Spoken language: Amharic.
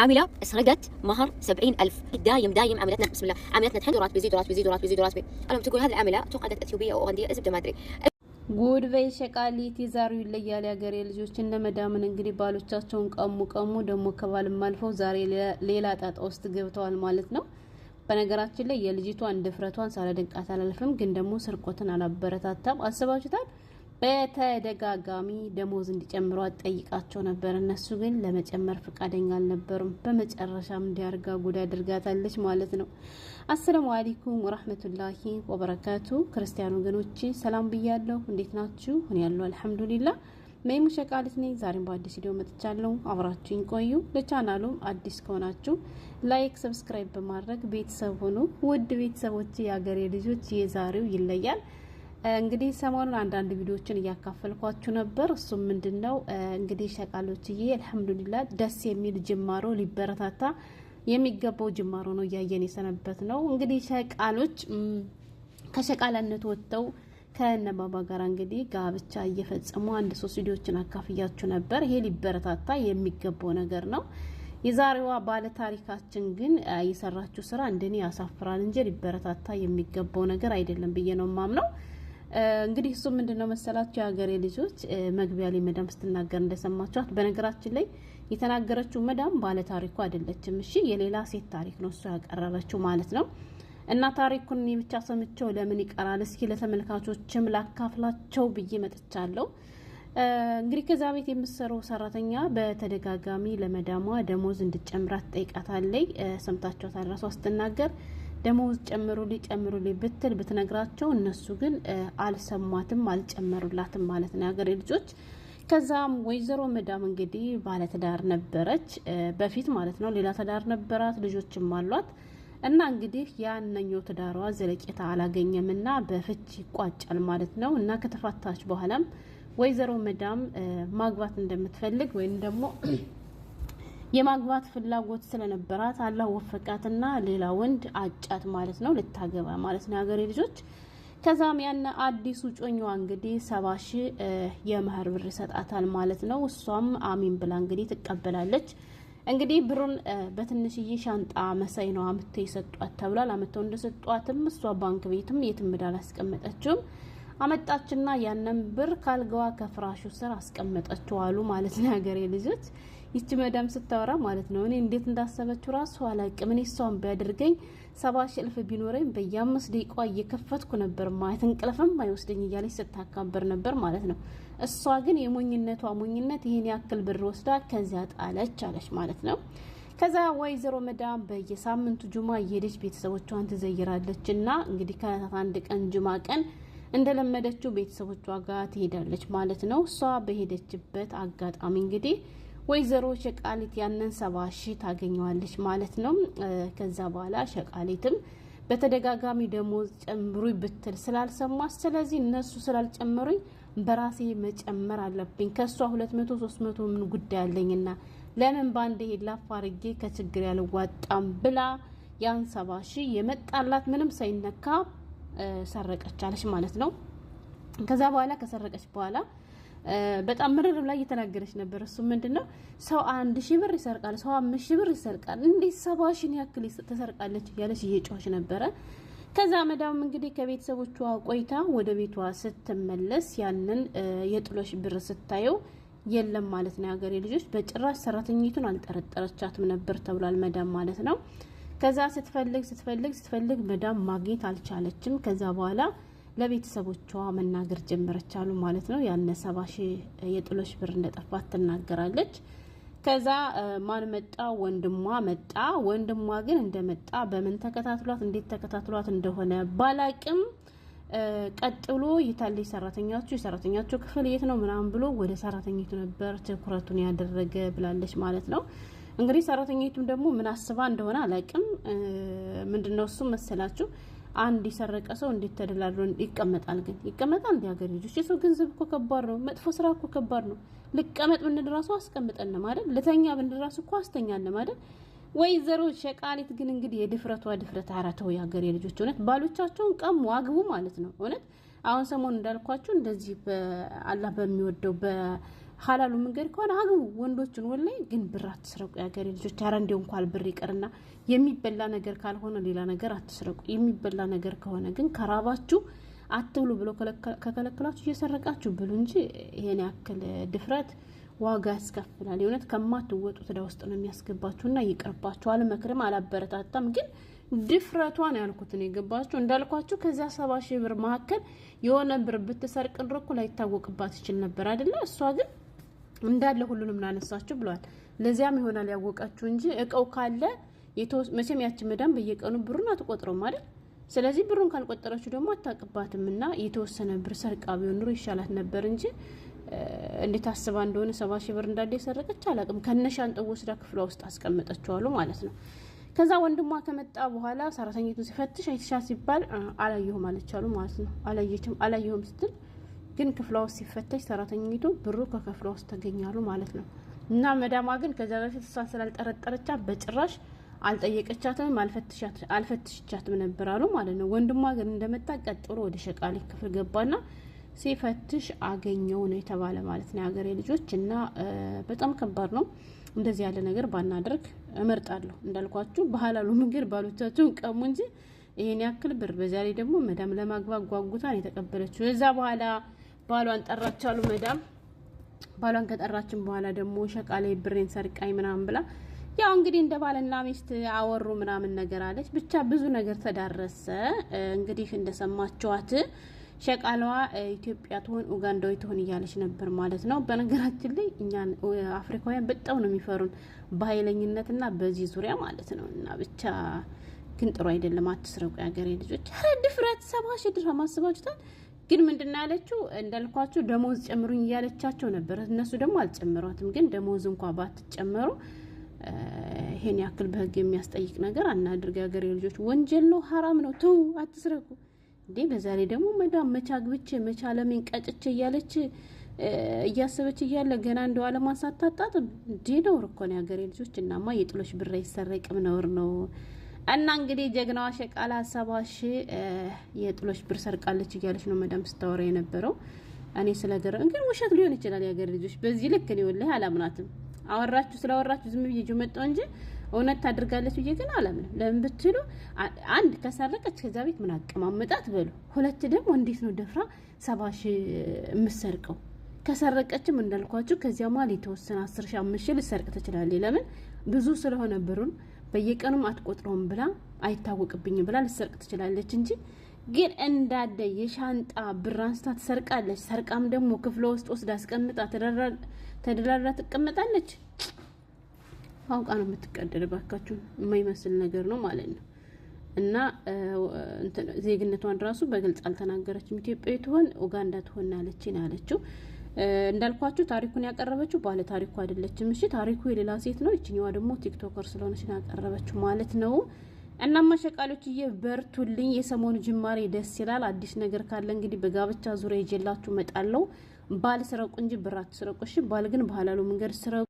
عامله سرقت مهر 70000 دايم دايم عملتنا بسم الله عملتنا تحين دولارات بيزيد دولارات بيزيد دولارات بيزيد دولارات المهم تقول هذه العامله توقعت اثيوبيه او اوغنديه زبده ما ادري ጉድ በይ ሸቃሊት የዛሬው ይለያል። ያገሬ ልጆች እነ መዳምን እንግዲህ ባሎቻቸውን ቀሙ ቀሙ፣ ደግሞ ከባልም አልፈው ዛሬ ሌላ ጣጣ ውስጥ ገብተዋል ማለት ነው። በነገራችን ላይ የልጅቷን ድፍረቷን ሳላደንቃት አላልፍም፣ ግን ደግሞ ስርቆትን አላበረታታም። አስባችሁታል? በተደጋጋሚ ደሞዝ እንዲጨምሯት ጠይቃቸው ነበር። እነሱ ግን ለመጨመር ፈቃደኛ አልነበሩም። በመጨረሻም እንዲያርጋ ጉድ አድርጋታለች ማለት ነው። አሰላሙ አለይኩም ወራህመቱላሂ ወበረካቱ። ክርስቲያኑ ወገኖች ሰላም ብያለሁ። እንዴት ናችሁ? ሁን ያሉ አልሐምዱሊላ። መይሙ ሸቃሊት ነኝ። ዛሬም በአዲስ ቪዲዮ መጥቻለሁ። አብራችሁኝ ቆዩ። ለቻናሉም አዲስ ከሆናችሁ ላይክ፣ ሰብስክራይብ በማድረግ ቤተሰብ ሆኑ። ውድ ቤተሰቦች፣ የአገሬ ልጆች፣ የዛሬው ይለያል እንግዲህ ሰሞኑን አንዳንድ ቪዲዮዎችን እያካፈልኳችሁ ነበር። እሱም ምንድን ነው እንግዲህ ሸቃሎችዬ አልሐምዱሊላ ደስ የሚል ጅማሮ ሊበረታታ የሚገባው ጅማሮ ነው እያየን የሰነበት ነው። እንግዲህ ሸቃሎች ከሸቃላነት ወጥተው ከነባባ ጋር እንግዲህ ጋብቻ እየፈጸሙ አንድ ሶስት ቪዲዮዎችን አካፍያችሁ ነበር። ይሄ ሊበረታታ የሚገባው ነገር ነው። የዛሬዋ ባለ ታሪካችን ግን የሰራችው ስራ እንደኔ ያሳፍራል እንጂ ሊበረታታ የሚገባው ነገር አይደለም ብዬ ነው ማምነው። እንግዲህ እሱ ምንድን ነው መሰላችሁ የሀገሬ ልጆች መግቢያ ላይ መዳም ስትናገር እንደሰማችኋት፣ በነገራችን ላይ የተናገረችው መዳም ባለ ታሪኩ አይደለችም። እሺ የሌላ ሴት ታሪክ ነው እሱ ያቀረበችው ማለት ነው። እና ታሪኩን የብቻ ሰምቸው ለምን ይቀራል? እስኪ ለተመልካቾችም ላካፍላቸው ብዬ መጥቻለሁ። እንግዲህ ከዛ ቤት የምትሰራው ሰራተኛ በተደጋጋሚ ለመዳሟ ደሞዝ እንድጨምራት ጠይቃታለይ። ሰምታቸው አራሷ ስትናገር ደሞዝ ጨምሩልኝ ጨምሩልኝ ብትል ብትነግራቸው እነሱ ግን አልሰማትም፣ አልጨመሩላትም ማለት ነው የሀገሬ ልጆች። ከዛም ወይዘሮ መዳም እንግዲህ ባለትዳር ነበረች በፊት ማለት ነው። ሌላ ትዳር ነበራት፣ ልጆችም አሏት። እና እንግዲህ ያነኛው ትዳሯ ዘለቄታ አላገኘም እና በፍች ይቋጫል ማለት ነው። እና ከተፋታች በኋላም ወይዘሮ መዳም ማግባት እንደምትፈልግ ወይም ደግሞ የማግባት ፍላጎት ስለነበራት አላህ ወፈቃትና ሌላ ወንድ አጫት ማለት ነው፣ ልታገባ ማለት ነው የሀገሬ ልጆች። ከዛም ያነ አዲሱ ጮኛዋ እንግዲህ ሰባ ሺ የመህር ብር ይሰጣታል ማለት ነው። እሷም አሚን ብላ እንግዲህ ትቀበላለች። እንግዲህ ብሩን በትንሽዬ ሻንጣ መሳይ ነው አምተው የሰጧት ተብሏል። አምተው እንደሰጧትም እሷ ባንክ ቤትም የትም ዕዳ አላስቀመጠችውም። አመጣችና ያንን ብር ካልጋዋ ከፍራሹ ስር አስቀመጠችው አሉ ማለት ነው የሀገሬ ልጆች። ይቺ መዳም ስታወራ ማለት ነው። እኔ እንዴት እንዳሰበችው ራሱ አላቅም። እኔ እሷን ቢያደርገኝ ሰባ ሺ እልፍ ቢኖረኝ በየአምስት ደቂቃ እየከፈትኩ ነበር ማለት እንቅልፍም አይወስደኝ እያለች ስታካበር ነበር ማለት ነው። እሷ ግን የሞኝነቷ ሞኝነት ይህን ያክል ብር ወስዳ ከዚያ ጣለች አለች ማለት ነው። ከዛ ወይዘሮ መዳም በየሳምንቱ ጁማ እየሄደች ቤተሰቦቿን ትዘይራለች እና እንግዲህ ከእለታት አንድ ቀን ጁማ ቀን እንደለመደችው ቤተሰቦቿ ጋር ትሄዳለች ማለት ነው። እሷ በሄደችበት አጋጣሚ እንግዲህ ወይዘሮ ሸቃሊት ያንን ሰባ ሺ ታገኘዋለች ማለት ነው። ከዛ በኋላ ሸቃሊትም በተደጋጋሚ ደሞዝ ጨምሩኝ ብትል ስላልሰማ፣ ስለዚህ እነሱ ስላልጨምሩኝ በራሴ መጨመር አለብኝ ከእሷ ሁለት መቶ ሶስት መቶ ምን ጉዳይ አለኝና ለምን በአንድ ሄላፍ ላፋርጌ ከችግር ያልዋጣም ብላ ያን ሰባ ሺ የመጣላት ምንም ሳይነካ ሰረቀቻለች ማለት ነው። ከዛ በኋላ ከሰረቀች በኋላ በጣም ምርር ላይ እየተናገረች ነበር። እሱ ምንድን ነው ሰው አንድ ሺህ ብር ይሰርቃል፣ ሰው አምስት ሺህ ብር ይሰርቃል፣ እንዴት ሰባ ሺህን ያክል ተሰርቃለች እያለች እየጮኸች ነበረ። ከዛ መዳም እንግዲህ ከቤተሰቦቿ ቆይታ ወደ ቤቷ ስትመለስ ያንን የጥሎሽ ብር ስታየው የለም ማለት ነው። የሀገሬ ልጆች በጭራሽ ሰራተኝቱን አልጠረጠረቻትም ነበር ተብሏል። መዳም ማለት ነው። ከዛ ስትፈልግ ስትፈልግ ስትፈልግ መዳም ማግኘት አልቻለችም። ከዛ በኋላ ለቤተሰቦቿ መናገር ጀመረች አሉ ማለት ነው። ያነ ሰባ ሺ የጥሎሽ ብር እንደጠፋት ትናገራለች። ከዛ ማን መጣ? ወንድሟ መጣ። ወንድሟ ግን እንደመጣ በምን ተከታትሏት፣ እንዴት ተከታትሏት እንደሆነ ባላቅም ቀጥሎ የታለች ሰራተኛቹ የሰራተኛችሁ ክፍል የት ነው ምናምን ብሎ ወደ ሰራተኝቱ ነበር ትኩረቱን ያደረገ ብላለች ማለት ነው። እንግዲህ ሰራተኝቱም ደግሞ ምን አስባ እንደሆነ አላቅም። ምንድነው እሱ መሰላችሁ አንድ የሰረቀ ሰው እንዴት ተደላድሮ ይቀመጣል? ግን ይቀመጣል። እንዲ ሀገር ልጆች የሰው ገንዘብ እኮ ከባድ ነው። መጥፎ ስራ እኮ ከባድ ነው። ልቀመጥ ብንል ራሱ አስቀምጠን ማለት፣ ልተኛ ብንል ራሱ እኮ አስተኛን ማለት። ወይዘሮ ሸቃሊት ግን እንግዲህ የድፍረቷ ድፍረት አራተው የሀገር ልጆች እውነት ባሎቻቸውን ቀሙ አግቡ ማለት ነው። እውነት አሁን ሰሞን እንዳልኳችሁ እንደዚህ በአላህ በሚወደው ሀላሉ መንገድ ከሆነ አግቡ ወንዶችን። ወላሂ ግን ብር አትስረቁ የሀገሬ ልጆች። ኧረ እንዲያው እንኳን ብር ይቅርና የሚበላ ነገር ካልሆነ ሌላ ነገር አትስረቁ። የሚበላ ነገር ከሆነ ግን ከራባችሁ አትብሉ ብሎ ከከለከላችሁ እየሰረቃችሁ ብሉ እንጂ ይሄን ያክል ድፍረት ዋጋ ያስከፍላል። የእውነት ከማትወጡት እዳ ውስጥ ነው የሚያስገባችሁና ይቅርባችሁ። አልመክርም፣ አላበረታታም ግን ድፍረቷን ያልኩትን የገባችሁ እንዳልኳችሁ ከዚያ ሰባ ሺህ ብር መካከል የሆነ ብር ብትሰርቅ ድሮ ላይታወቅባት ይችል ነበር አይደለ? እሷ ግን እንዳለ ሁሉንም ላነሳችሁ ብለዋል። ለዚያም ይሆናል ያወቃችሁ እንጂ እቀው ካለ መቼም ያች መዳም በየቀኑ ብሩን አትቆጥረውም አይደል? ስለዚህ ብሩን ካልቆጠረችው ደግሞ አታቅባትም እና የተወሰነ ብር ሰርቃ ቢሆን ኑሮ ይሻላት ነበር እንጂ እንዴት አስባ እንደሆነ ሰባ ሺህ ብር እንዳለ የሰረቀች አላቅም። ከነሻን ከነሻንጣው ወስዳ ክፍሏ ውስጥ አስቀመጠችዋሉ ማለት ነው። ከዛ ወንድሟ ከመጣ በኋላ ሰራተኛቱን ሲፈትሽ አይትሻ ሲባል አላየሁም አለቻሉ ማለት ነው። አላየችም አላየሁም ስትል ግን ክፍሏ ውስጥ ሲፈተሽ ሰራተኛይቱ ብሩ ከክፍሏ ውስጥ ተገኛሉ ማለት ነው። እና መዳሟ ግን ከዛ በፊት እሷን ስላልጠረጠረቻ በጭራሽ አልጠየቀቻትም፣ አልፈትሽቻትም ነበር አሉ ማለት ነው። ወንድሟ ግን እንደመጣ ቀጥሎ ወደ ሸቃሌ ክፍል ገባና ሲፈትሽ አገኘው ነው የተባለ ማለት ነው። የሀገሬ ልጆች እና በጣም ከባድ ነው። እንደዚህ ያለ ነገር ባናደርግ እመርጣለሁ። እንዳልኳችሁ ባህላሉ መንገድ ባሎቻችሁን ቀሙ እንጂ ይህን ያክል ብር በዛሬ ደግሞ መዳም ለማግባት ጓጉታን የተቀበለችው እዛ በኋላ ባሏን ጠራች አሉ መዳም። ባሏን ከጠራችን በኋላ ደግሞ ሸቃላይ ብሬን ሰርቃይ ምናምን ብላ ያው እንግዲህ እንደ ባልና ሚስት አወሩ ምናምን ነገር አለች። ብቻ ብዙ ነገር ተዳረሰ። እንግዲህ እንደሰማችኋት ሸቃለዋ ኢትዮጵያ ትሆን ኡጋንዳዊ ትሆን እያለች ነበር ማለት ነው። በነገራችን ላይ እኛን አፍሪካውያን በጣም ነው የሚፈሩን በኃይለኝነትና በዚህ ዙሪያ ማለት ነው። እና ብቻ ግን ጥሩ አይደለም። አትስረቁ የሀገሬ ልጆች። ድፍረት ሰባሽ ሺህ አስባችሁታል። ግን ምንድና ያለችው እንዳልኳችሁ ደሞዝ ጨምሩኝ እያለቻቸው ነበር። እነሱ ደግሞ አልጨምሯትም። ግን ደሞዝ እንኳ ባትጨመሩ ይሄን ያክል በህግ የሚያስጠይቅ ነገር አናድርግ። ሀገር የልጆች ወንጀል ነው፣ ሀራም ነው። ተው አትስረጉ እንዴ! በዛ ላይ ደግሞ መዳም መቻ ግብቼ መቻ ለምን ቀጭቼ እያለች እያሰበች እያለ ገና እንደው አለማን ሳታጣጥም እንዴ! ነውር እኮ ነው የሀገሬ ልጆች። እናማ የጥሎች ብራ ይሰረቅም ነውር ነው። እና እንግዲህ ጀግናዋ ሸቃላ ሀሳቧ ሺ ብር ሰርቃለች እያለች ነው መዳም ስታወራ የነበረው። እኔ ስለገረ እንግዲህ ውሸት ሊሆን ይችላል የሀገር ልጆች በዚህ ልክ እኔ ወላሂ አላምናትም። አወራችሁ ስላወራችሁ ዝም ብዬ መጣሁ እንጂ እውነት ታደርጋለች ብዬ ግን አላምንም። ለምን ብትሉ አንድ ከሰረቀች ከዛ ቤት ምን አቀማመጣት በሉ፣ ሁለት ደግሞ እንዴት ነው ደፍራ ሰባ ሺ የምሰርቀው? ከሰረቀችም እንዳልኳችሁ ከዚያ ማል የተወሰነ አስር ሺ አምስት ሺ ልሰርቅ ትችላለች። ለምን ብዙ ስለሆነ ብሩን በየቀኑም አትቆጥረውም ብላ አይታወቅብኝም ብላ ልትሰርቅ ትችላለች እንጂ ግን እንዳለ የሻንጣ ብር አንስታ ትሰርቃለች። ሰርቃም ደግሞ ክፍለ ውስጥ ወስዳ አስቀምጣ ተደራራ ትቀመጣለች። አውቃ ነው የምትቀደድ። ባካችሁ የማይመስል ነገር ነው ማለት ነው። እና ዜግነቷን ራሱ በግልጽ አልተናገረችም። ኢትዮጵያዊ ትሆን ኡጋንዳ ትሆን አለችን አለችው። እንዳልኳችሁ ታሪኩን ያቀረበችው ባለ ታሪኩ አይደለችም። እሺ ታሪኩ የሌላ ሴት ነው። ይችኛዋ ደግሞ ቲክቶከር ስለሆነች ያቀረበችው ማለት ነው። እናማ ሸቃሎችዬ በርቱልኝ። የሰሞኑ ጅማሬ ደስ ይላል። አዲስ ነገር ካለ እንግዲህ በጋብቻ ዙሪያ ይዤላችሁ እመጣለሁ። ባል ስረቁ እንጂ ብራችሁ ስረቁ። እሺ ባል ግን ባህላሉ መንገድ ስረቁ።